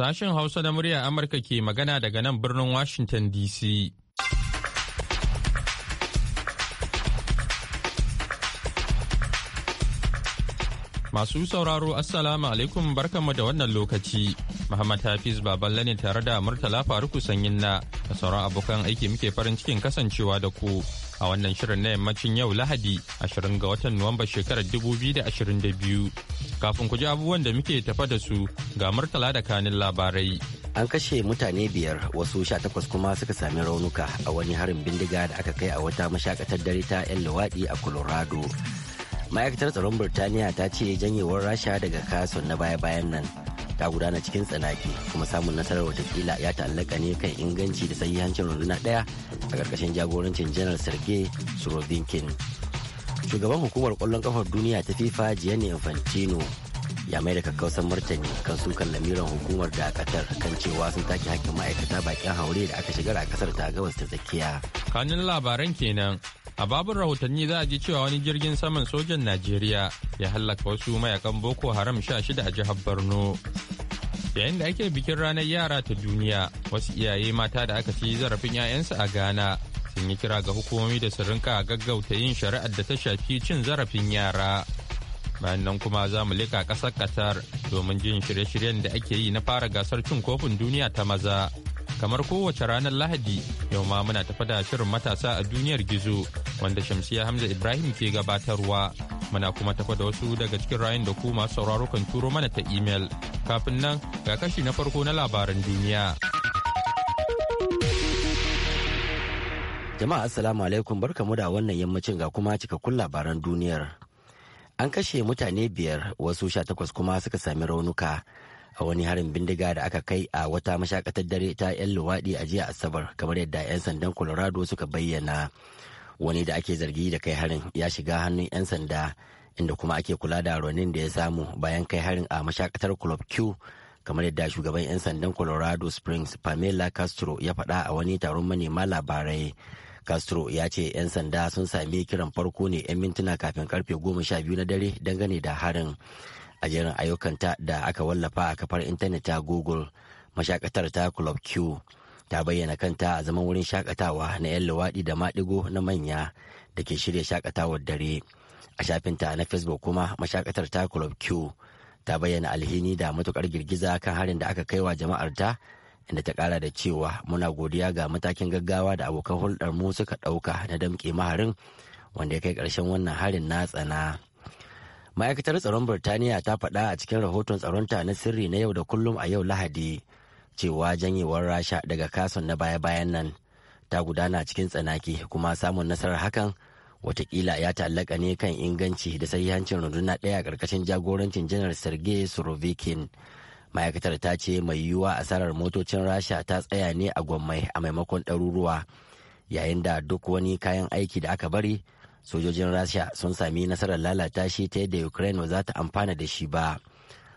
Sashen Hausa na murya Amurka ke magana daga nan birnin Washington DC. Masu sauraro Assalamu alaikum barkanmu da wannan lokaci. Muhammad Hafiz Baballe ne tare da Murtala Faruku Sanyin na da sauran abokan aiki muke farin cikin kasancewa da ku a wannan shirin na yammacin yau Lahadi 20 ga watan Nuwamba shekarar 2022. Kafin ku ji abubuwan da muke tafa da su ga Murtala da kanin labarai. An kashe mutane biyar wasu sha takwas kuma suka sami raunuka a wani harin bindiga da aka kai a wata mashakatar dare ta 'yan luwaɗi a Colorado. Ma'aikatar tsaron Birtaniya ta ce janyewar Rasha daga kason na baya-bayan nan ta gudana cikin tsanaki kuma samun nasarar watakila ya ta'allaka ne kan inganci da sahihancin runduna ɗaya a ƙarƙashin jagorancin janar Sergei Surovinkin. shugaban hukumar kwallon kafar duniya ta fifa gianni infantino ya mai da kakkausan martani kan sukan lamiran hukumar da katar kan cewa sun take hakkin ma'aikata bakin haure da aka shigar a kasar ta gabas ta tsakiya kanin labaran kenan a babin rahotanni za a ji cewa wani jirgin saman sojan najeriya ya halaka wasu mayakan boko haram sha shida a jihar borno yayin da ake bikin ranar yara ta duniya wasu iyaye mata da aka ci zarafin 'ya'yansu a ghana sun yi kira ga hukumomi da su rinka gaggauta yin shari'ar da ta shafi cin zarafin yara bayan nan kuma za mu leka ƙasar qatar domin jin shirye-shiryen da ake yi na fara gasar cin kofin duniya ta maza kamar kowace ranar lahadi yau ma muna tafa da shirin matasa a duniyar gizo wanda shamsiya hamza ibrahim ke gabatarwa muna kuma tafa da wasu daga cikin rayun da ku masu sauraro kan turo mana ta imel kafin nan ga kashi na farko na labaran duniya. Jama'a assalamu alaikum barkamu da wannan yammacin ga kuma cikakkun labaran duniyar. An kashe mutane biyar wasu sha takwas kuma suka sami raunuka a wani harin bindiga da aka kai a wata mashakatar dare ta 'yan luwaɗi a jiya Asabar kamar yadda 'yan sandan Colorado suka bayyana. Wani da ake zargi da kai harin ya shiga hannun 'yan sanda inda kuma ake kula da raunin da ya samu bayan kai harin a mashakatar Club Q kamar yadda shugaban 'yan sandan colorado springs pamela castro ya faɗa a wani taron manema labarai castro ya ce 'yan sanda sun sami kiran farko ne 'yan mintuna kafin karfe goma sha biyu na dare dangane da harin a jerin ayyukanta da aka wallafa a kafar intanet ta google mashakatar ta club q ta bayyana kanta a zaman wurin shakatawa na 'yan luwaɗi da maɗigo na manya da ke shirya shakatawar dare a shafinta na facebook kuma mashakatar ta club q ta bayyana alhini da matukar girgiza kan harin da aka kai wa jama'ar inda ta kara da cewa muna godiya ga matakin gaggawa da abokan hulɗar mu suka ɗauka na damƙe maharin wanda ya kai ƙarshen wannan harin na tsana ma'aikatar tsaron birtaniya ta faɗa a cikin rahoton tsaronta na sirri na yau da kullum a yau lahadi cewa janyewar rasha daga kason na baya-bayan nan ta gudana cikin tsanaki kuma samun nasarar hakan watakila ya ta'allaka ne kan inganci da sahihancin runduna ɗaya a ƙarƙashin jagorancin janar sergei surovikin ma'aikatar ta ce mai yiwuwa asarar motocin rasha ta tsaya ne a gwammai a maimakon ɗaruruwa yayin da duk wani kayan aiki da aka bari sojojin rasha sun sami nasarar lalata shi ta yadda ukraine ba za ta amfana da shi ba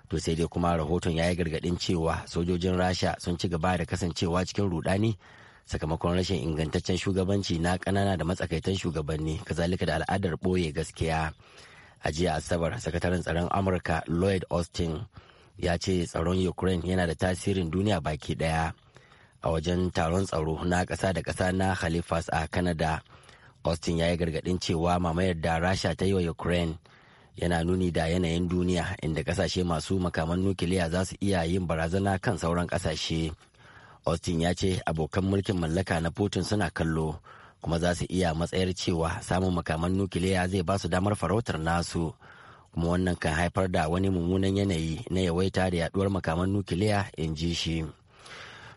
to sai dai kuma rahoton ya yi gargaɗin cewa sojojin rasha sun ci gaba da kasancewa cikin rudani sakamakon rashin ingantaccen shugabanci na ƙanana da matsakaitan shugabanni kazalika da al'adar ɓoye gaskiya a jiya asabar sakataren tsaron amurka lloyd austin ya ce tsaron ukraine yana da tasirin duniya baki daya a wajen taron tsaro na ƙasa da ƙasa na Halifax a Canada. Austin ya yi gargaɗin cewa mamayar da Rasha ta yi wa Ukraine yana nuni da yanayin duniya inda ƙasashe masu makaman nukiliya za su iya yin barazana kan sauran ƙasashe. Austin ya ce abokan mulkin mallaka na Putin suna kallo kuma za su iya matsayar cewa samun makaman nukiliya zai ba su damar farautar nasu kuma wannan kan haifar da wani mummunan yanayi na yawaita da yaduwar makaman nukiliya in ji shi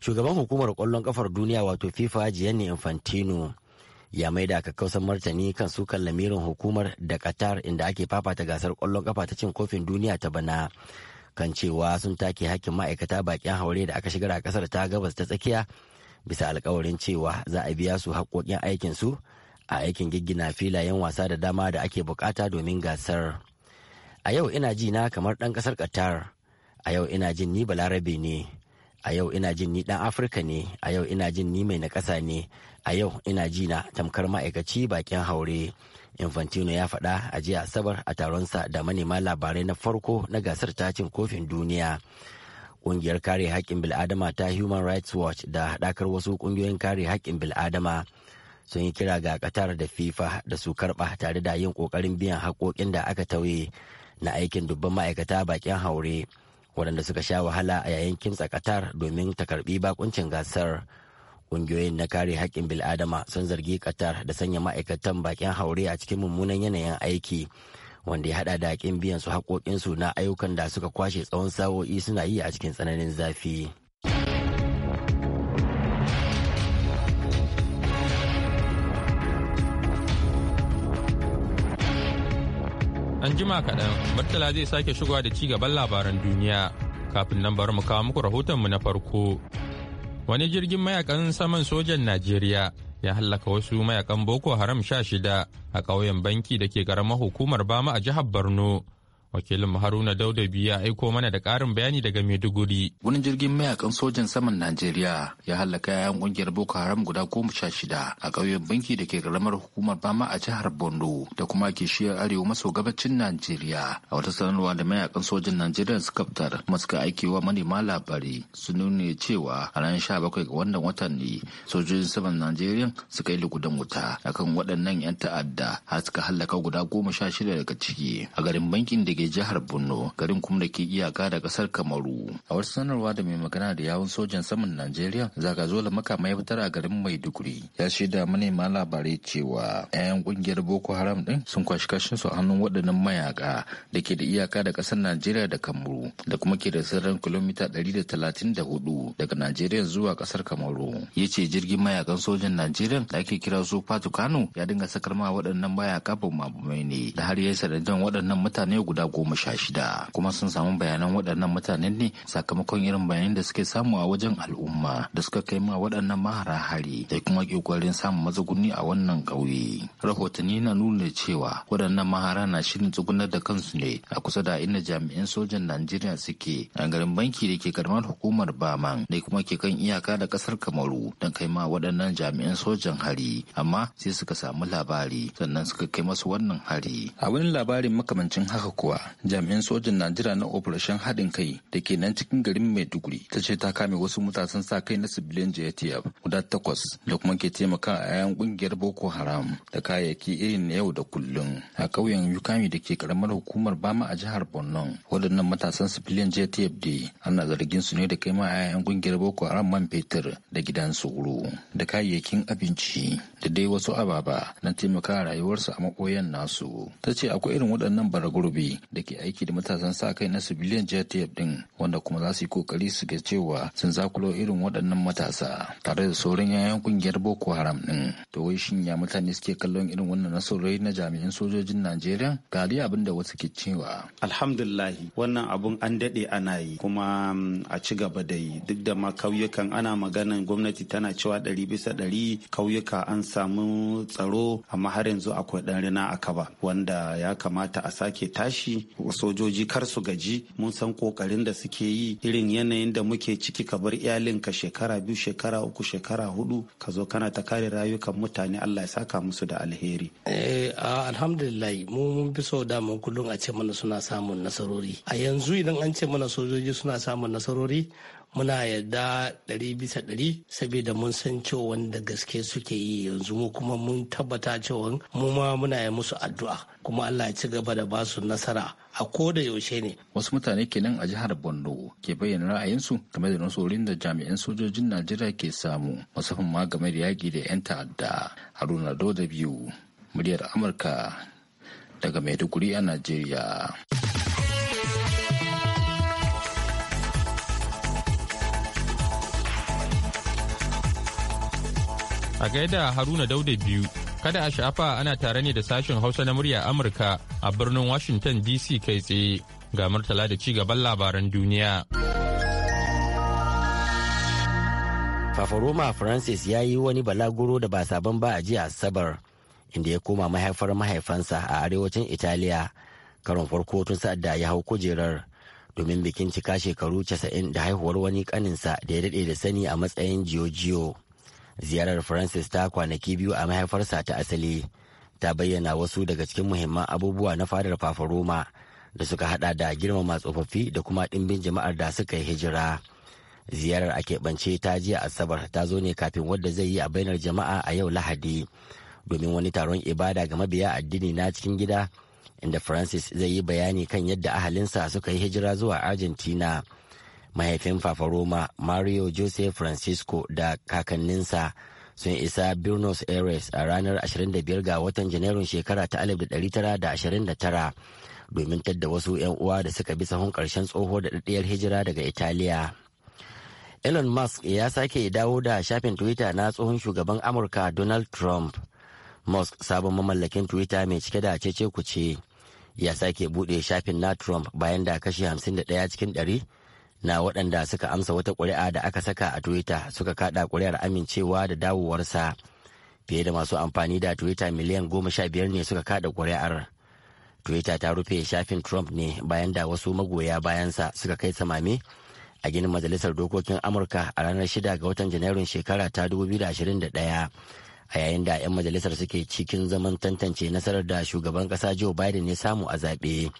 shugaban hukumar kwallon kafar duniya wato fifa jiyani infantino ya da kakkausan martani kan sukan lamirin hukumar da qatar inda ake fafata gasar kwallon kafa ta cin kofin duniya ta bana kan cewa sun take hakkin ma'aikata bakin haure da aka shigar a kasar ta gabas ta tsakiya bisa alkawarin cewa za a biya su haƙoƙin aikinsu a aikin giggina filayen wasa da dama da ake bukata domin gasar. a yau ina ji na kamar ɗan ƙasar qatar a yau ina jin ni balarabe ne a yau ina jin ni ɗan afirka ne a yau ina jin ni mai naƙasa ne a yau ina ji na tamkar ma'aikaci bakin haure infantino ya faɗa a jiya asabar a taronsa da manema labarai na farko na gasar tacin kofin duniya ƙungiyar kare haƙƙin bil'adama ta human rights watch da haɗakar wasu ƙungiyoyin kare haƙƙin bil'adama sun yi kira ga Qatar da FIFA da su karɓa tare da yin ƙoƙarin biyan haƙoƙin da aka tauye na aikin dubban ma'aikata bakin haure waɗanda suka sha wahala a yayin kimtsa Qatar domin ta karbi bakuncin gasar. Ƙungiyoyin na kare haƙƙin bil'adama sun zargi Qatar da sanya ma'aikatan bakin haure a cikin mummunan yanayin aiki wanda ya haɗa da ƙin biyan su haƙoƙinsu na ayyukan da suka kwashe tsawon sa'o'i suna yi a cikin tsananin zafi. An jima kaɗan, Murtala zai sake shigowa da ci gaban labaran duniya. Kafin nan bari mu kawo muku rahoton mu na farko. Wani jirgin mayakan saman sojan Najeriya ya hallaka wasu mayakan Boko Haram sha shida a ƙauyen banki da ke ƙaramar hukumar Bama a jihar Borno wakilin haruna dauda biya ya aiko mana da karin bayani daga maiduguri wani jirgin mayakan sojan saman najeriya ya halaka yayan kungiyar boko haram guda goma sha shida a ƙauyen banki da ke karamar hukumar bama a jihar bondo da kuma ke shiyar arewa maso gabacin najeriya a wata sanarwa da mayakan sojan najeriya suka fitar kuma suka aike wa manema labarai su nuna cewa a ranar sha bakwai ga wannan watan ne sojojin saman najeriya suka yi lugudan wuta akan waɗannan 'yan ta'adda har suka halaka guda goma sha shida daga ciki a garin bankin da ke jihar Borno garin kuma da ke iyaka da kasar Kamaru. A wasu sanarwa da mai magana da yawun sojan saman Najeriya zaga zo makama makamai fitar a garin Maiduguri ya shaida manema labarai cewa 'yan kungiyar Boko Haram din sun kwashi kashin su a hannun waɗannan mayaka da ke da iyaka da kasar Najeriya da Kamaru da kuma ke da sirrin kilomita 134 daga Najeriya zuwa kasar Kamaru. Ya ce jirgin mayakan sojan Najeriya da ake kira su Fatu Kano ya dinga sakar ma waɗannan mayaka bumabumai ne da har ya sanadin waɗannan mutane guda goma sha shida kuma sun samu bayanan waɗannan mutanen ne sakamakon irin bayanan da suke samu a wajen al'umma da suka kai ma waɗannan mahara hari da kuma ƙoƙarin samun matsuguni a wannan ƙauye rahotanni na nuna cewa waɗannan mahara na shirin tsugunar da kansu ne a kusa da inda jami'an sojan najeriya suke a garin banki da ke karamar hukumar baman da kuma ke kan iyaka da ƙasar kamaru don kai ma waɗannan jami'an sojan hari amma sai suka samu labari sannan suka kai masu wannan hari a wani labarin makamancin haka kuwa cewa jami'an sojin najeriya na operation haɗin kai da ke nan cikin garin maiduguri ta ce ta kame wasu mutanen sa kai na civilian jtf guda takwas da kuma ke taimaka a yayan ƙungiyar boko haram da kayayyaki irin na yau da kullum a ƙauyen yukami da ke karamar hukumar bama a jihar borno waɗannan matasan civilian jtf de. ana zargin su ne da kai ma a yayan kungiyar boko haram man fetur da gidan tsoro da kayayyakin abinci da dai wasu ababa na taimaka rayuwarsu a makoyan nasu ta ce akwai irin waɗannan baragurbi da ke aiki da matasan sa kai na civilian jtf din wanda kuma za su yi kokari su ga cewa sun zakulo irin waɗannan matasa tare da sauran yayan kungiyar boko haram din to wai shin ya mutane suke kallon irin wannan nasarori na jami'an sojojin najeriya ga dai abin da wasu ke cewa alhamdulillah wannan abun an daɗe ana yi kuma mm, a ci gaba da yi duk da ma kauyukan ana maganan gwamnati tana cewa ɗari bisa ɗari kauyuka an samu tsaro amma har yanzu akwai ɗan rina a kaba wanda ya kamata a sake tashi sojoji kar su gaji mun san kokarin da suke yi irin yanayin da muke ciki ka bar iyalin ka shekara biyu shekara uku shekara hudu ka zo kana ta kare rayukan mutane Allah ya saka musu da alheri eh alhamdulillah mu mun fi so da mun kullum a ce mana suna samun nasarori a yanzu idan an ce mana sojoji suna samun nasarori muna yarda ɗari bisa ɗari saboda mun san cewa wanda gaske suke yi yanzu mu kuma mun tabbata cewa mu ma muna yi musu addu'a kuma Allah ya ci gaba da ba su nasara a ko da yaushe ne. Wasu mutane kenan a jihar Borno ke bayyana ra'ayinsu game da nasorin da jami'an sojojin Najeriya ke samu musamman ma game da yaƙi da 'yan ta'adda. Haruna Doda biyu muryar Amurka daga Maiduguri a Najeriya. A gaida Haruna Dauda biyu, kada a sha'afa ana tare ne da sashen Hausa na murya Amurka a birnin Washington DC kai tsaye ga Murtala da ci gaban labaran duniya. Fafaroma Francis ya yi wani balaguro da ba sabon ba a jiya Asabar, inda ya koma mahaifar mahaifansa a arewacin Italiya, karon farko tun sa'ad da ya hau kujerar. domin bikin cika shekaru 90 da haihuwar wani kaninsa da ya daɗe da sani a matsayin jiyo-jiyo. ziyarar francis ta kwanaki biyu a mahaifarsa ta asali ta bayyana wasu daga cikin muhimman abubuwa na fadar fafaroma da suka hada da girmama tsofaffi da kuma ɗimbin jama'ar da suka yi hijira ziyarar a keɓance ta jiya asabar ta zo ne kafin wadda zai yi a bainar jama'a a yau lahadi domin wani taron ibada ga mabiya addini na cikin gida inda francis zai yi bayani kan yadda ahalinsa suka yi hijira zuwa argentina mahaifin fafaroma mario jose francisco da kakanninsa sun isa buenos aires a ranar 25 ga watan janairun shekara ta 1929 domin tadda wasu 'yan uwa da suka bi sahun karshen tsoho da daɗaɗɗiyar hijira daga italiya elon musk ya sake dawo da shafin twitter na tsohon shugaban amurka donald trump musk sabon mamallakin twitter mai cike da cece ce" ya sake buɗe shafin na trump bayan da kashi 51 cikin ɗari? na waɗanda suka amsa wata ƙuri'a da aka saka a twitter suka kaɗa ƙuri'ar amincewa da dawowarsa fiye da masu amfani da twitter miliyan goma sha biyar ne suka kaɗa ƙuri'ar twitter ta rufe shafin trump ne bayan da wasu magoya bayansa suka kai samame a ginin majalisar dokokin amurka a ranar shida ga watan janairun shekara ta da ɗaya a yayin da 'yan majalisar suke cikin zaman tantance nasarar da shugaban ƙasa joe biden ya samu a zaɓe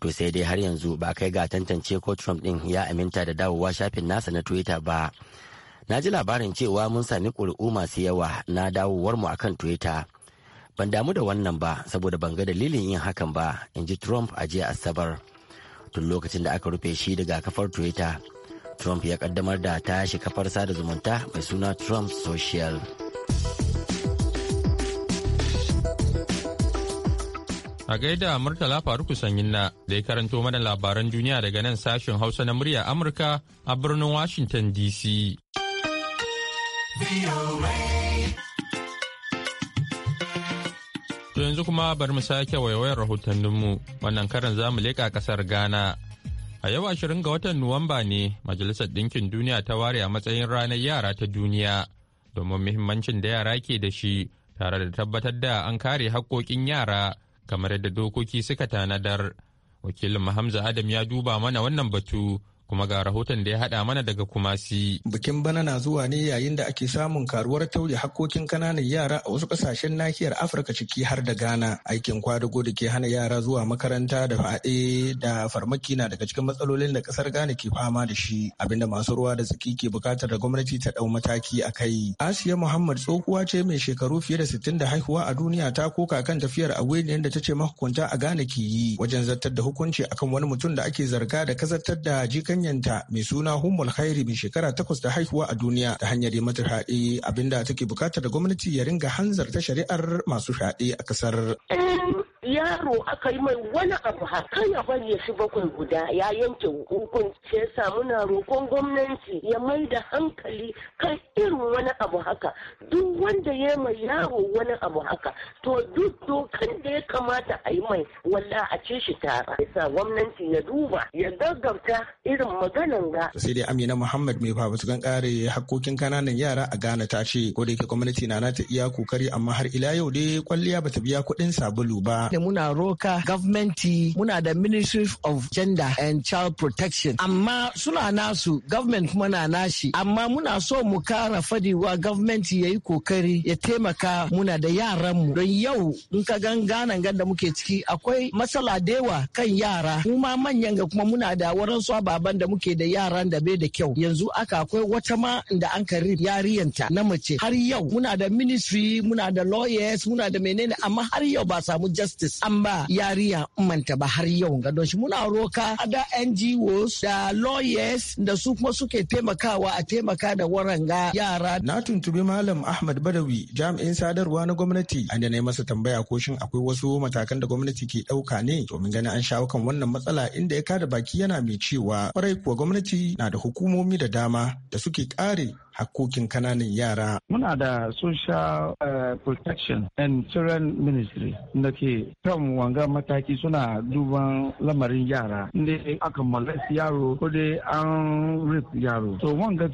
to sai dai har yanzu ba kai ga tantance ko trump din ya aminta da dawowa shafin nasa na twitter ba na ji labarin cewa mun sami ƙuri'u masu yawa na dawowar mu akan twitter ban damu da wannan ba saboda ban ga dalilin yin hakan ba in ji trump a jiya asabar tun lokacin da aka rufe shi daga kafar twitter trump ya kaddamar da tashi kafar sada zumunta mai suna trump social A gaida Murtala Faruku Sanyinna da ya karanto mana labaran duniya daga nan sashen Hausa na murya Amurka a birnin Washington DC. To yanzu kuma bari mu sake waiwayar rahotanninmu wannan karin za mu leƙa ƙasar Ghana. A yau ashirin ga watan Nuwamba ne Majalisar Ɗinkin Duniya ta ware a matsayin ranar yara ta duniya domin muhimmancin da yara ke da shi tare da tabbatar da an kare haƙƙoƙin yara kamar yadda dokoki suka tanadar wakilin Hamza Adam ya duba mana wannan batu kuma ga rahoton da ya haɗa mana daga Kumasi. Bikin bana na zuwa ne yayin da ake samun karuwar tauye hakkokin kananan yara a wasu ƙasashen nahiyar Afirka ciki har da Ghana. Aikin kwadago da ke hana yara zuwa makaranta da faɗe da farmaki na daga cikin matsalolin da ƙasar Ghana ke fama da shi, abinda masu ruwa da tsaki ke buƙatar da gwamnati ta ɗau mataki a kai. Asiya Muhammad tsohuwa ce mai shekaru fiye da sittin da haihuwa a duniya ta koka kan tafiyar a da ta ce mahukunta a Ghana ke yi wajen zartar da hukunci akan wani mutum da ake zarga da kazartar da jikan Manyanta, mai suna Humul Khairi mai shekara takwas da haihuwa a duniya ta hanyar yi mata fyaɗe abinda take da gwamnati ya ringa hanzarta shari'ar masu haɗe a ƙasar. yaro aka yi mai wani abu haka ya bari shi bakwai guda ya yanke hukunci ya samu muna roƙon gwamnati ya mai da hankali kan irin wani abu haka duk wanda ya mai yaro wani abu haka to duk dokan da ya kamata a yi mai walla a ce shi tara ya sa gwamnati ya duba ya gaggauta irin maganan ga. sai dai amina muhammad mai kan kare hakkokin kananan yara a ghana ta ce ko da yake gwamnati na nata iya kokari amma har ila yau dai kwalliya bata biya kuɗin sabulu ba. muna roka gwamnati muna da ministry of gender and child protection amma suna nasu government kuma na nashi amma muna so mu kara fadiwa gwamnati ya yi kokari ya taimaka muna da yaranmu don yau in ka gan ganan da muke ciki akwai matsala da yawa kan yara mu ma manyan ga kuma muna da wurin su baban da muke da yaran da bai da kyau yanzu aka akwai wata ma da an kari yariyanta na mace har yau muna da ministry muna da lawyers muna da menene amma har yau ba samu justice justice an ba yariya manta ba har yau ga don shi muna roka da NGOs da lawyers da su kuma suke taimakawa a taimaka da waranga yara. Na tuntubi Malam Ahmad Badawi jami'in sadarwa na gwamnati an da na yi masa tambaya ko shin akwai wasu matakan da gwamnati ke ɗauka ne domin ganin an shawo kan wannan matsala inda ya kada baki yana mai cewa kwarai kuwa gwamnati na da hukumomi da dama da suke ƙare hakokin kananan yara. Muna da social eh, protection and children ministry da ke kan wanga mataki suna duban lamarin yara inda aka molest yaro ko dai an rip yaro. So wanga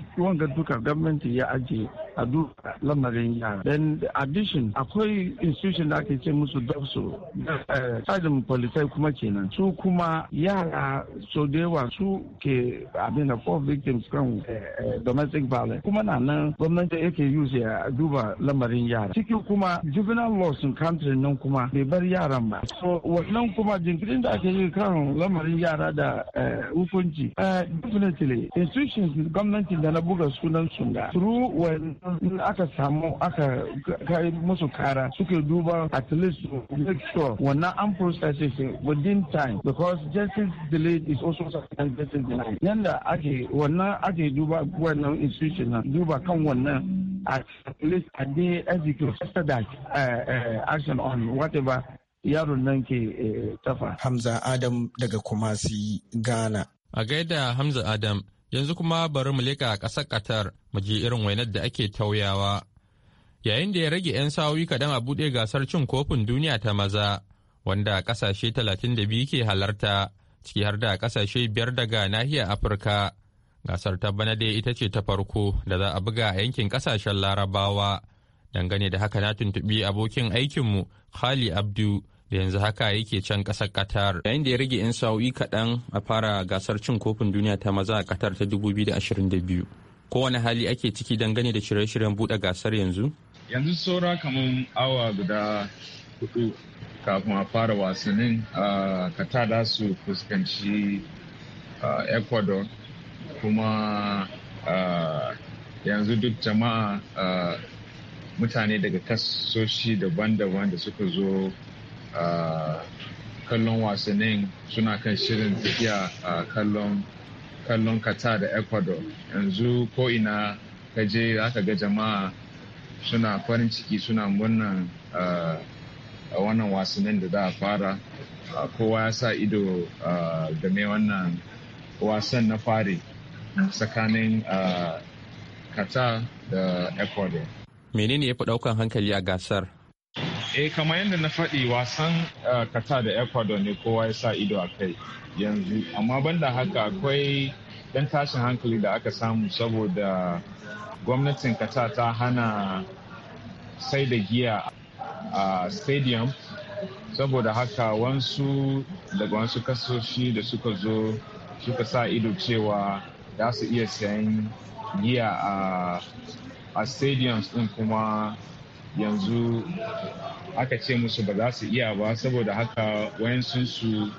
duka gwamnati ya ajiye a duka lamarin yara then addition akwai institution da ake ce musu dafso eh, sajin politai kuma kenan su kuma yara so da yawa su ke abin da four victims kan eh, eh, domestic violence kuma na nan gwamnati yake use ya duba lamarin yara cikin kuma juvenile laws in country nan kuma bai bar yaran ba so wannan kuma jinkirin da ake yi kan lamarin yara da hukunci definitely institutions gwamnati da na buga sunan su da through in aka samu aka kai musu kara suke duba at least make sure wannan an processes within time because justice delayed is also sometimes justice denied yanda ake wannan ake duba wannan institution duba kan wannan at least a day execute after eh, that eh, action on whatever yaron nan ke eh, tafa. Hamza Adam daga Kumasi, Ghana. A gaida Hamza Adam Yanzu kuma bari mu leƙa ƙasar Qatar mu je irin wainar da ake tauyawa. Yayin da ya rage 'yan sawoyi kaɗan a buɗe gasar cin kofin duniya ta maza, wanda ƙasashe 32 ke halarta, ciki har da ƙasashe biyar daga nahiyar Afirka. Gasar ta bana dai ita ce ta farko da za a buga a yankin ƙasashen Larabawa. Dangane da haka na tuntuɓi abokin aikinmu Khali Abdu da yanzu haka yake can ƙasar qatar yayin da ya rage 'yan sa'o'i kaɗan a fara gasar cin kofin duniya ta maza a qatar ta 2022 kowane hali ake ciki dangane da shirye-shiryen buɗe gasar yanzu yanzu saura kamar awa guda hudu kafin a fara wasannin a qatar da su fuskanci ecuador kuma yanzu duk jama'a mutane daga kasoshi daban-daban da suka zo kallon wasannin suna kan shirin tafiya a kallon kata da ecuador yanzu ko ina ka je aka ga jama'a suna farin ciki suna murnan wannan wasannin da za a fara kowa ya sa ido game wannan wasan na fari tsakanin kata da ecuador menene ya fi daukan hankali a gasar eh kamar yadda na faɗi wasan kata eh, da ecuador ne kowa ya sa ido a kai yanzu amma banda haka akwai ɗan tashin hankali da aka samu saboda gwamnatin kata ta hana sai da giya a stadium saboda haka wansu daga wasu kasoshi da suka zo suka sa ido cewa za su iya sayan giya a stadiums din kuma yanzu aka ce musu ba za su iya ba saboda haka su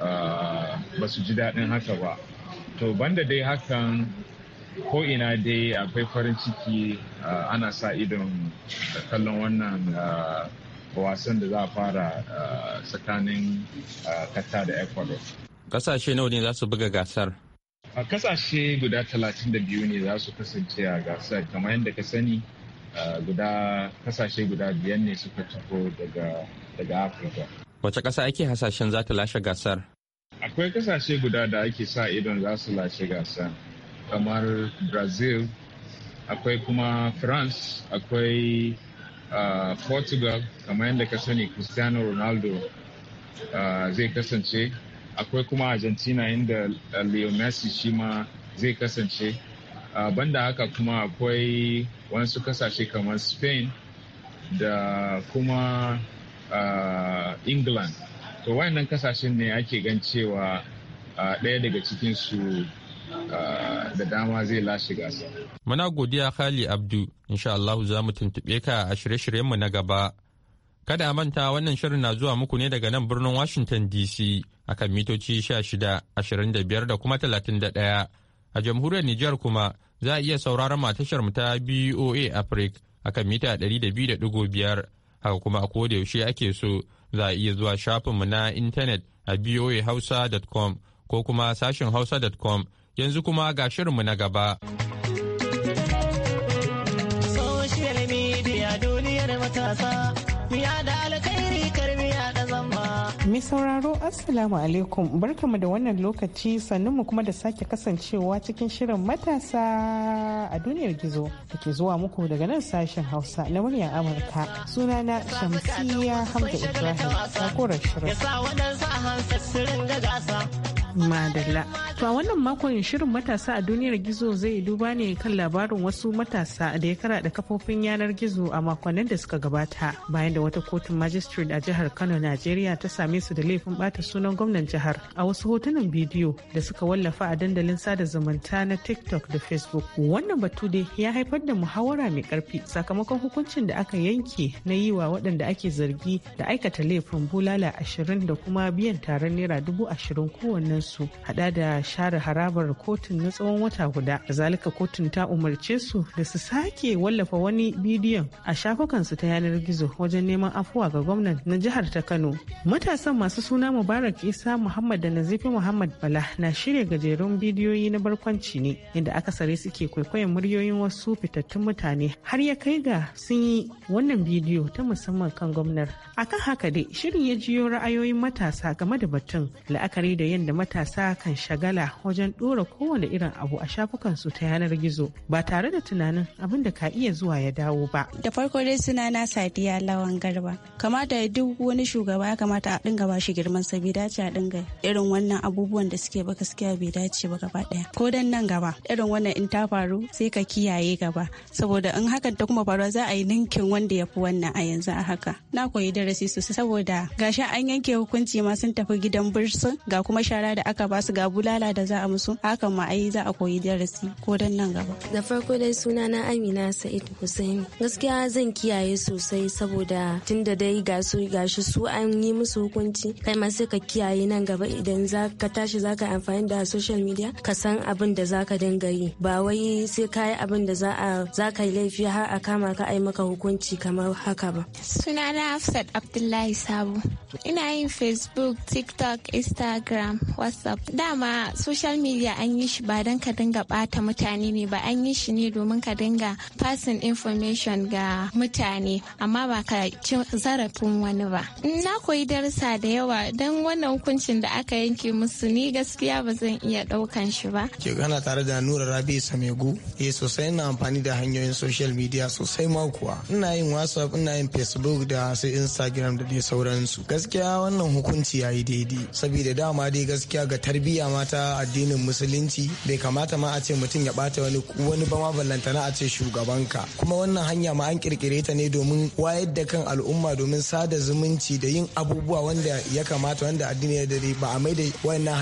ah, ba su ji daɗin haka ba to banda dai hakan ko ina dai akwai farin ciki ah, ana sa idon kallon wannan ah, wasan da za a fara tsakanin kata da ecuador kasashe nawa ne za su buga gasar a kasashe guda 32 ne za su kasance a gasar kamar yadda ka sani guda kasashe guda biyar ne suka ciko daga daga afirka wace ƙasa ake hasashen za ta lashe gasar akwai kasashe guda da ake sa idon za su lashe gasar kamar brazil akwai kuma france akwai uh, portugal kamar yadda ka sani cristiano ronaldo uh, zai kasance akwai kuma argentina inda uh, leo messi shi ma zai kasance Ah, banda haka kuma akwai wasu kasashe kamar spain da kuma ah, england to wayannan kasashen ne ake gan cewa daya ah, daga cikinsu da dama zai lashe gasa. Muna godiya Khali Abdu, insha Allahu za mu tuntube ka a shirye-shiryenmu na gaba. Kada a manta wannan shirin na zuwa muku ne daga nan birnin Washington DC akan mitoci 16, 25 da kuma 31. A jamhuriyar Nijar kuma za a iya sauraron matashar mu ta BOA Africa akan mita 200.5 haka kuma a koda yaushe ake so za a iya zuwa shafinmu na intanet a boahausa.com ko kuma sashin hausa.com yanzu kuma ga shirinmu na gaba. Social media matasa. Mai sauraro Assalamu alaikum barkamu da wannan lokaci sannan mu kuma da sake kasancewa cikin shirin matasa a duniyar gizo da ke zuwa muku daga nan sashen Hausa na muryar Amurka. suna na Shamsiya Hamza Ibrahim, kora shirin. Madalla. To a wannan makon shirin matasa a duniyar gizo zai duba ne kan labarin wasu matasa da ya kara da kafofin yanar gizo a makonnin da suka gabata bayan da wata kotun magistrate a jihar Kano, Najeriya ta same su da laifin bata sunan gwamnan jihar a wasu hotunan bidiyo da suka wallafa a dandalin sada zumunta na TikTok da Facebook. Wannan batu dai ya haifar da muhawara mai karfi sakamakon hukuncin da aka yanke na yi wa waɗanda ake zargi da aikata laifin bulala ashirin da kuma biyan taron naira dubu ashirin kowanne su hada da share harabar kotun na tsawon wata guda zalika kotun ta umarce su da su sake wallafa wani bidiyon a shafukansu ta yanar gizo wajen neman afuwa ga gwamnan na jihar ta kano matasan masu suna mubarak isa muhammad da nazifi muhammad bala na shirya gajerun bidiyoyi na barkwanci ne inda akasari suke kwaikwayon muryoyin wasu fitattun mutane har ya kai ga sun yi wannan bidiyo ta musamman kan gwamnar akan haka dai shirin ya jiyo ra'ayoyin matasa game da batun la'akari da yadda matasa kan shagala wajen ɗora kowane irin abu a shafukan su ta yanar gizo ba tare da tunanin abin da ka iya zuwa ya dawo ba. Da farko dai suna na Sadiya Lawan Garba. Kamata duk wani shugaba ya kamata a dinga ba shi girman sa bai dace a dinga irin wannan abubuwan da suke ba gaskiya bai dace ba gaba daya. Ko dan nan gaba irin wannan in ta faru sai ka kiyaye gaba saboda in hakan ta kuma faruwa za a yi ninkin wanda ya fi wannan a yanzu a haka. Na koyi darasi sosai saboda gashi an yanke hukunci ma sun tafi gidan birsin ga kuma shara da da aka ba su ga bulala da za a musu hakan ma ai za a koyi darasi ko dan nan gaba da farko dai suna na Amina Sa'id Hussein gaskiya zan kiyaye sosai saboda tunda dai ga su gashi su an yi musu hukunci kai ma sai ka kiyaye nan gaba idan za ka tashi za ka amfani da social media ka san abin da za ka dinga yi ba wai sai ka yi abin da za a za ka yi laifi har a kama ka ai maka hukunci kamar haka ba Suna na Hafsat Abdullahi Sabo ina yin Facebook TikTok Instagram whatsapp dama social media an yi shi ba don ka dinga bata mutane ne ba an yi shi ne domin ka dinga passing information ga mutane amma ba ka ci zarafin wani ba na koyi darsa da yawa don wannan hukuncin da aka yanke musu ni gaskiya ba zan iya daukan shi ba ke gana tare da nura rabi samegu e sosai ina amfani da hanyoyin social media sosai ma kuwa ina yin whatsapp ina yin facebook da sai instagram da dai sauransu gaskiya wannan hukunci ya yi daidai saboda dama dai gaskiya gaskiya ga tarbiyya mata addinin musulunci bai kamata ma a ce mutum ya bata wani wani ba ma ballantana a ce shugabanka kuma wannan hanya ma an kirkire ta ne domin wayar da kan al'umma domin sada zumunci da yin abubuwa wanda ya kamata wanda addini ya dare ba a mai da wannan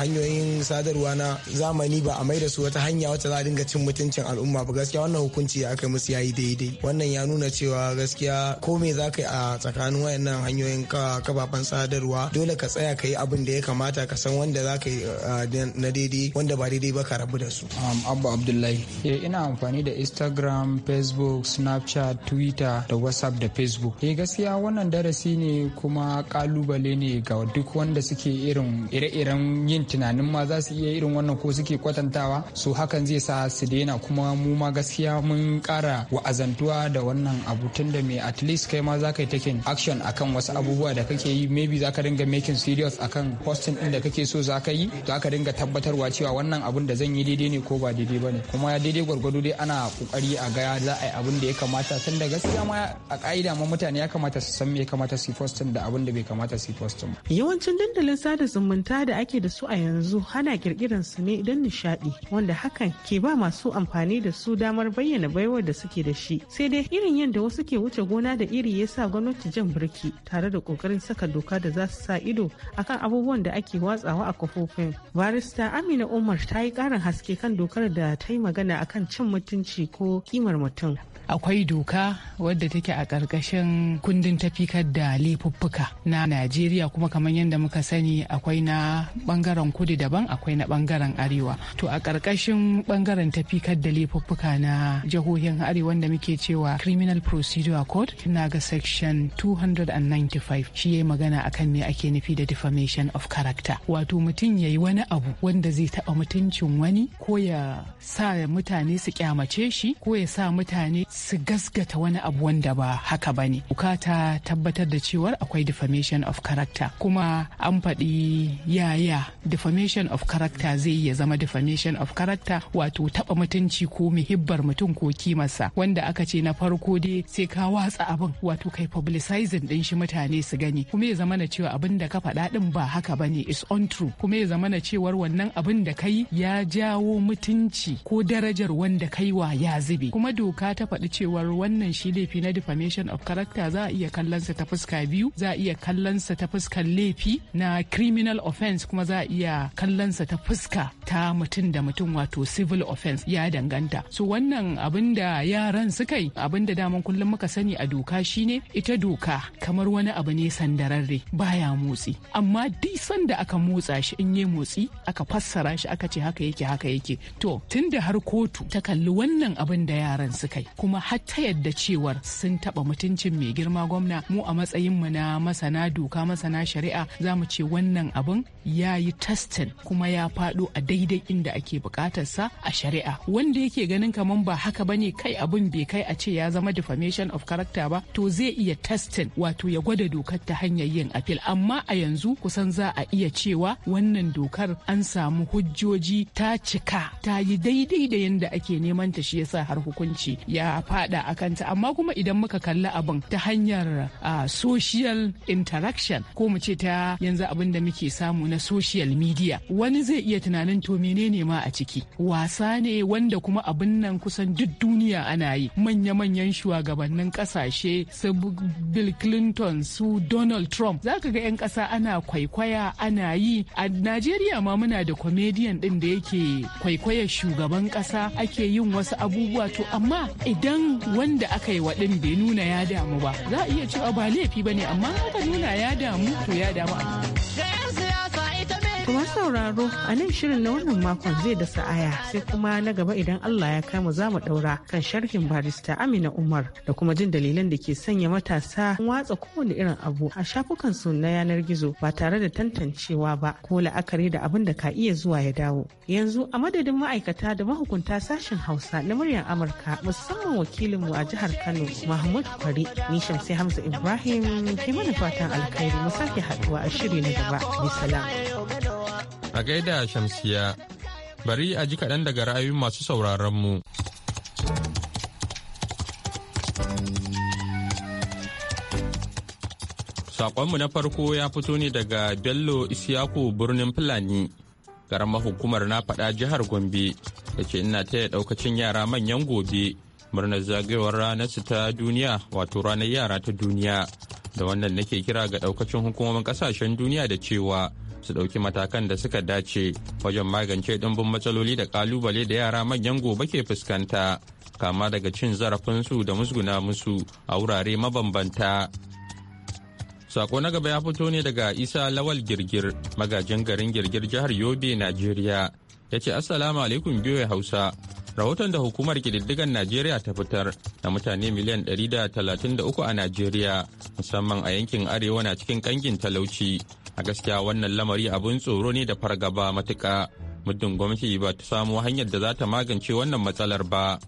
hanyoyin sadarwa na zamani ba a mai da su wata hanya wata za a dinga cin mutuncin al'umma ba gaskiya wannan hukunci ya aka musu yayi daidai wannan ya nuna cewa gaskiya ko me za ka yi a tsakanin wayannan hanyoyin kafafen sadarwa dole ka tsaya ka yi abin da ya kamata ka san wanda za ka yi uh, na daidai wanda ba daidai ba ka rabu da su. Um, Abba Abdullahi. Eh ina amfani da Instagram, Facebook, Snapchat, Twitter da WhatsApp da Facebook. Eh gaskiya wannan darasi ne kuma kalubale ne ga duk wanda suke irin ire-iren yin tunanin ma za su iya irin wannan ko suke kwatantawa su hakan zai sa su daina kuma mu ma gaskiya mun kara wa'azantuwa da wannan abu tun da me at least kai ma za ka yi action akan wasu abubuwa da kake yi maybe za ka dinga making serious akan posting din da kake kake so za ka yi to aka dinga tabbatarwa cewa wannan abun da zan yi daidai ne ko ba daidai ba ne kuma daidai gwargwado dai ana kokari a ga za a yi abun da ya kamata tun da gaskiya ma a ka'ida ma mutane ya kamata su san me ya kamata su postin da abun da bai kamata su postin yawancin dandalin sada zumunta da ake da su a yanzu hana kirkirar su ne don nishaɗi wanda hakan ke ba masu amfani da su damar bayyana baiwar da suke da shi sai dai irin yadda wasu ke wuce gona da iri ya sa gwamnati jan birki tare da kokarin saka doka da za su sa ido akan abubuwan da ake watsa motsawa a kafofin barista amina umar ta yi ƙarin haske kan dokar da ta yi magana a kan cin mutunci ko kimar mutum akwai doka wadda take a ƙarƙashin kundin tafikar da laifuffuka na najeriya kuma kamar yadda muka sani akwai na bangaren kudu daban akwai na bangaren arewa to a ƙarƙashin bangaren tafikar da laifuffuka na jihohin arewa da muke cewa criminal procedure code na ga section 295 shi ya magana akan me ake nufi da defamation of character wato mutum ya yi wani abu wanda zai taɓa mutuncin wani ko ya sa mutane su kyamace shi ko ya sa mutane su gasgata wani abu wanda ba haka ba ne bukata tabbatar da cewar akwai defamation of character kuma an faɗi yaya defamation of character zai iya zama defamation of character wato taɓa mutunci ko muhibbar mutum ko kimarsa wanda aka ce na farko dai sai ka watsa abin wato kai publicizing ɗin shi mutane su gani kuma ya zama na cewa abin da ka faɗa ɗin ba haka ba ne is on coming kuma ya zama na cewar wannan abin da kai ya jawo mutunci ko darajar wanda kai wa ya zube kuma doka ta faɗi cewar wannan shi laifi na defamation of character za a iya kallonsa ta fuska biyu za a iya kallonsa ta fuskar laifi na criminal offense kuma za a iya kallonsa ta fuska ta mutum da mutum wato civil offense ya danganta so wannan abin da yaran suka yi abin da daman kullum muka sani a doka shine ita doka kamar wani abu ne sandararre baya motsi amma duk sanda aka motsi motsa shi in yi motsi aka fassara shi aka ce haka yake haka yake to tunda har kotu ta kalli wannan abin da yaran suka yi kuma har ta yadda cewar sun taba mutuncin mai girma gwamna mu a matsayin mu na masana doka masana shari'a za mu ce wannan abin ya yi testin kuma ya faɗo a daidai inda ake bukatar sa a shari'a wanda yake ganin kaman ba haka bane kai abin bai kai a ce ya zama defamation of character ba to zai iya testin wato ya gwada dokar ta hanyar yin appeal amma a yanzu kusan za a iya cewa cewa wannan dokar an samu hujjoji ta cika ta yi daidai da yadda ake neman ta shi yasa har hukunci ya fada a kanta amma kuma idan muka kalli abin ta hanyar social interaction ko mu ce ta yanzu abin da muke samu na social media wani zai iya tunanin to menene ma a ciki wasa ne wanda kuma abin nan kusan duk duniya ana yi manya-manyan shugabannin kasashe su bill clinton su donald trump za ka ga 'yan kasa ana kwaikwaya ana yi a najeriya ma muna da comedian din da yake kwaikwayo shugaban kasa ake yin wasu abubuwa to amma idan wanda aka yi waɗin bai nuna ya damu ba za a iya cewa ba laifi ba ne amma aka nuna ya damu to ya damu kuma sauraro a nan shirin na wannan makon zai da sa'aya sai kuma na gaba idan Allah ya kama za mu daura kan sharhin barista Amina Umar da kuma jin dalilan da ke sanya matasa watsa kowane irin abu a shafukan su na yanar gizo ba tare da tantancewa ba ko la'akari da abin da ka iya zuwa ya dawo. Yanzu a madadin ma'aikata da mahukunta sashen Hausa na muryar Amurka musamman wakilinmu a jihar Kano Mahmud Kwari ni Shamsi Hamza Ibrahim ke mana fatan alkhairi mu sake haduwa a shiri na gaba. Bisalam. A gaida Shamsiya, bari a ji kaɗan daga ra'ayoyin masu sauraronmu. Saƙonmu na farko ya fito ne daga Bello Isiyaku birnin Fulani, ƙaramar hukumar na faɗa jihar Gombe, da ke ina taya ɗaukacin yara manyan gobe, murnar zagayowar ranar su ta duniya, wato ranar yara ta duniya. Da wannan nake kira ga ɗaukacin hukumomin ƙasashen duniya da cewa su ɗauki matakan da suka dace wajen magance dimbin matsaloli da ƙalubale da yara manyan gobe ke fuskanta kama daga cin zarafin su da musguna musu a wurare mabambanta. Sako na gaba ya fito ne daga Isa Lawal Girgir, magajin garin Girgir jihar Yobe, Najeriya. Ya ce, Assalamu alaikum biyoyi Hausa. Rahoton da hukumar kididdigan Najeriya ta fitar na mutane miliyan 133 a Najeriya, musamman a yankin Arewa na cikin ƙangin talauci, a gaskiya wannan lamari abin tsoro ne da fargaba matuka muddin gwamnati ba ta samo hanyar da za ta magance wannan matsalar ba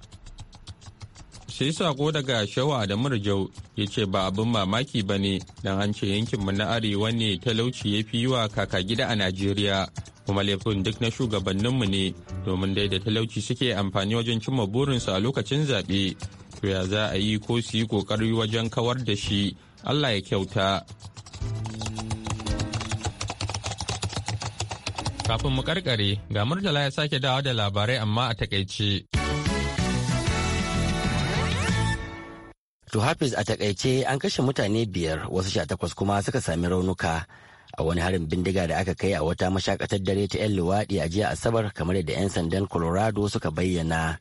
sai sako daga shawa da murjau ya ce ba abin mamaki ba ne don an ce yankinmu na arewa ne talauci ya fi wa kaka gida a najeriya kuma laifin duk na shugabanninmu ne domin dai da talauci suke amfani wajen cimma burinsu a lokacin zaɓe to ya za a yi ko su yi ƙoƙari wajen kawar da shi allah ya kyauta Kafin mu karkare ga Murtala ya sake dawa da labarai amma a takaice. To Hafiz a takaice an kashe mutane biyar wasu sha takwas kuma suka sami raunuka a wani harin bindiga da aka kai a wata mashakatar dare ta 'yan luwaɗi a jiya asabar kamar yadda 'yan sandan colorado suka bayyana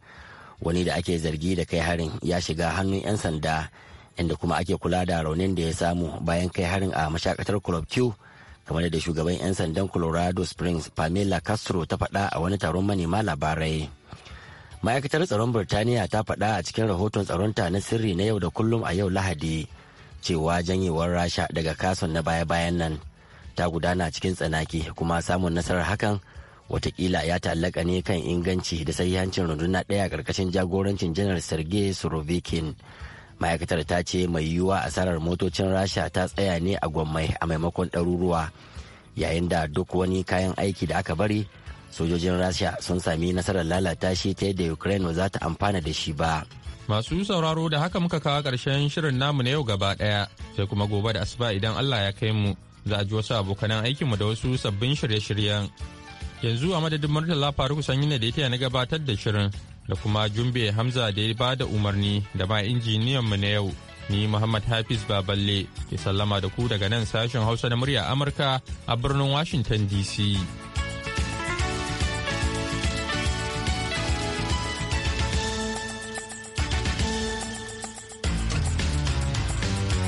wani da ake zargi da kai harin ya shiga hannun 'yan sanda inda kuma ake kula da raunin da ya samu bayan kai harin a mashakatar club q kamar da shugaban 'yan sandan colorado springs pamela castro ta faɗa a wani taron manema labarai ma'aikatar tsaron birtaniya ta faɗa a cikin rahoton tsaronta na sirri na yau da kullum a yau lahadi cewa janyewar rasha daga kason na baya-bayan nan ta gudana cikin tsanaki kuma samun nasarar hakan watakila ya ta'allaka ne kan inganci da sahihancin runduna ɗaya ƙarƙashin jagorancin janar sergei surovikin ma'aikatar ta ce mai yiwuwa asarar motocin rasha ta tsaya ne a gwammai a maimakon ɗaruruwa yayin da duk wani kayan aiki da aka bari sojojin rasha sun sami nasarar lalata shi ta yadda ukraine ba za ta amfana da shi ba masu sauraro da haka muka kawo ƙarshen shirin namu na yau gaba ɗaya sai kuma gobe da asuba idan allah ya kai mu za a ji wasu abokanan mu da wasu sabbin shirye-shiryen yanzu a madadin murtala faruku sanyi ne da ya na gabatar da shirin da kuma Jumbe Hamza da ya bada umarni da ma injiniyan mu na yau. Ni Muhammad Hafiz Baballe ke sallama da ku daga nan sashen Hausa na murya Amurka a birnin Washington DC.